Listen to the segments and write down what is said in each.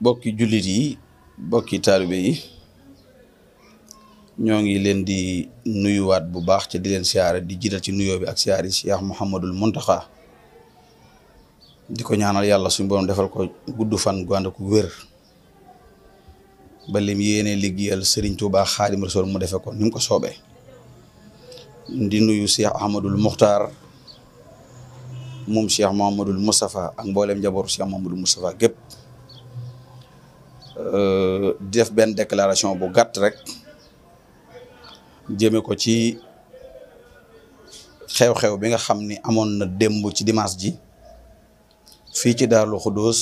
bokki jullit yi bokki taalibe yi ñoo ngi leen di nuyuwaat bu baax ci di leen siyaare di jiital ci nuyoo bi ak siyaare yi Cheikh Mouhamadul Mountakha di ko ñaanal yàlla suñu borom defal ko gudd fan gu ànd ak wér ba lim yéene liggéeyal Serigne Touba Xaadim Rasul mu defe ko ni ko soobe di nuyu Cheikh Ahmadul Muxtaar moom Cheikh Mouhamadul Moustapha ak mboolem njabootu Cheikh Mouhamadul Moustapha gépp Euh, def benn déclaration bu gàtt rek jëme ko ci xew-xew bi nga xam ni amoon na démb ci dimanche ji fii ci Daaru Xudoos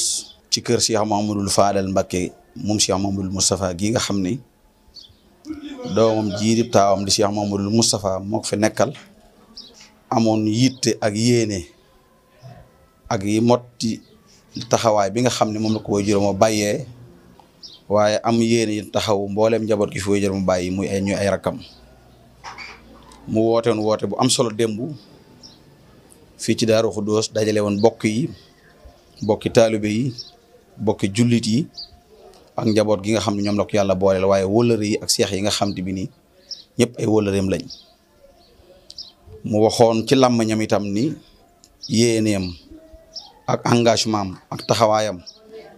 ci kër Cheikh Mahamadul Fadel Mbakke moom Cheikh Mahamadul mustafa gi nga xam ni doom jii di taawam di Cheikh Mahamadul Moustapha moo ko fi nekkal amoon yitte ak yéene ak yi motti taxawaay bi nga xam ne moom la ko way juróom bàyyee waaye am yéen taxaw mbooleem njaboot gi fi wéy mu bàyyi muy ay ñuy ay rakkam mu woote woon woote bu am solo démb fii ci Daaru Xuddoos dajale woon bokk yi bokki taalibe yi bokki jullit yi ak njaboot gi nga xam ne ñoom lok yàlla booleel waaye wëllëre yi ak seex yi nga xam te bi nii ñëpp ay wëllëreem lañ mu waxoon ci làmmiñam itam ni yéeneem ak engagement am ak taxawaayam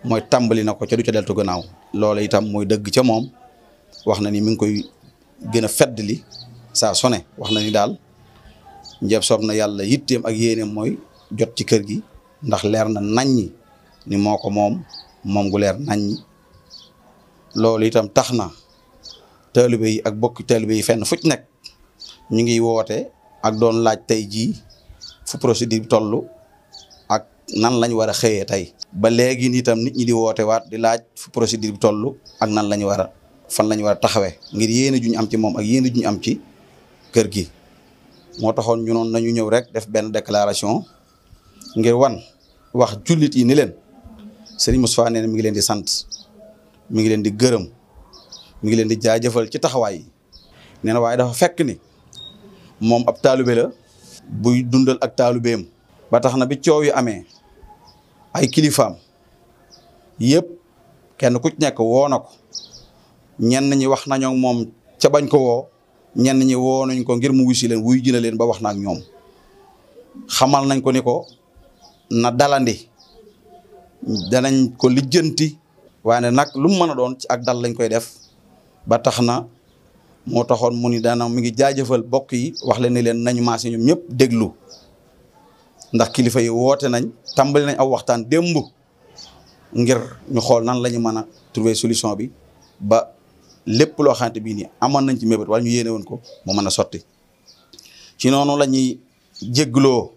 mooy tàmbali na ko ca du ca deltu gannaaw loola itam mooy dëgg ca moom wax na ni mi ngi koy gën a fedd li saa sone ne wax na ni daal njeeb soob na yàlla yitteem ak yéeneem mooy jot ci kër gi ndax leer na naññi ni moo ko moom moom gu leer naññi loolu itam tax na taalibe yi ak bokki taalibe fenn fu ci nekk ñu ngi woote ak doon laaj tey jii fu procédure bi toll nan lañ war a xëyee tey ba léegi nitam nit ñi di woote waat di laaj fu procédure bi toll ak nan lañ war a fan lañ war a taxawee ngir yéene juñ am ci moom ak yéene juñ am ci kër gi moo taxoon ñu noonu nañu ñëw rek def benn déclaration ngir wan wax jullit yi ni leen Serigne Moustapha nee na mi ngi leen di sant mi ngi leen di gërëm mi ngi leen di jaajëfal ci taxawaay yi nee na waaye dafa fekk ni moom ab taalube la buy dundal ak taalubeem ba tax na bi coow yu amee ay kilifaam yëpp kenn ku ci nekk woo na ko ñenn ñi wax nañoo moom ca bañ ko woo ñenn ñi woo nañ ko ngir mu wusi leen wuy jina leen ba wax na ñoom xamal nañ ko ni ko na dalandi danañ ko lijjanti waaye nag lu mu mën a doon ci ak dal lañ koy def ba tax na moo taxoon mu ni daana mi ngi jaajëfal bokk yi wax leen ni leen nañu maase ñoom ñëpp déglu ndax kilifa yi woote nañ tàmbali nañ aw waxtaan démb ngir ñu xool nan la ñu mën a trouver solution bi ba lépp loo xamante bii nii amoon nañ ci mébét wala ñu yéene woon ko mu mën a sotti ci noonu la ñuy jégloo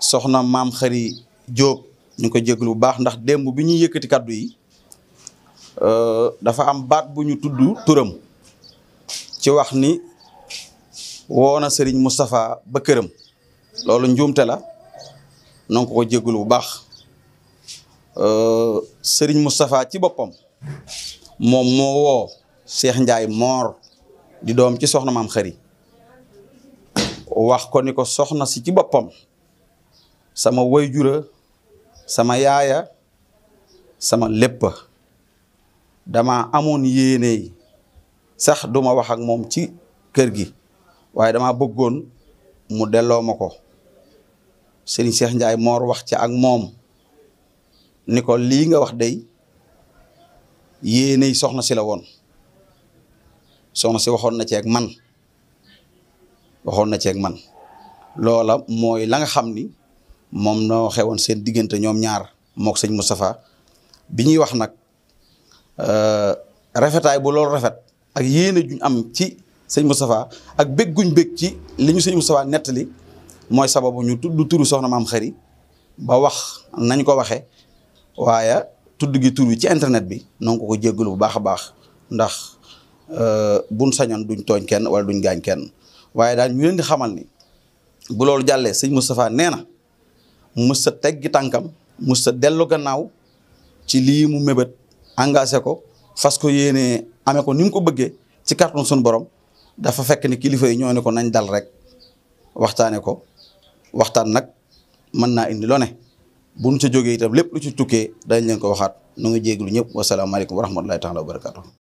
soxna maam xari joob ñu ko jéglu baax ndax démb bi ñuy yëkkati kaddu yi euh, dafa am baat bu ñu tudd turam ci wax ni woona sëriñ Moustapha ba këram loolu njuumte la noo ko ko bu baax euh, Serigne Moustapha ci boppam moom moo woo Cheikh Ndiaye moor di doom ci soxna maam xëri wax ko ni ko soxna si ci boppam sama wayjura sama yaaya sama lépp dama amoon yéene sax duma wax ak moom ci kër gi waaye dama bëggoon mu delloo ma ko sëriñ Cheikh Ndiaye Moor wax ca ak moom ni ko lii nga wax day yéeney soxna si la woon soxna si waxoon na ci ak man waxoon na ci ak man loola mooy la nga xam ni moom noo xewoon seen diggante ñoom ñaar mook sëñ Moustapha bi ñuy wax nag euh, rafetaay bu loolu rafet ak yéene juñ am ci sëñ Moustapha ak bégguñ bég ci li ñu sëñ Moustapha nettali mooy sababu ñu tudd turu soxna maam xëri ba wax nañ ko waxee waaye tudd gi tur ci internet bi noo ko ko bu baax a baax ndax euh, buñ sañan duñ tooñ kenn wala duñ gaañ kenn waaye daal ñu leen di xamal ni bu loolu jàllee sëñ Moustapha nee na musta teggi tànkam musta delloo gannaaw ci lii mu mébét engagé ko fas ko yéenee amee ko ni mu ko bëggee ci kàttanu suñu borom dafa fekk ni kilifa yi ñoo ne ko nañ dal rek waxtaane ko waxtaan nag mën naa indi lone bu ñu sa jógee itam lépp lu ci tukkee dañ leen ko waxaat nu ngi lu ñëpp wasalaamaaleykum wa rahmatullahi taala wa barakaatu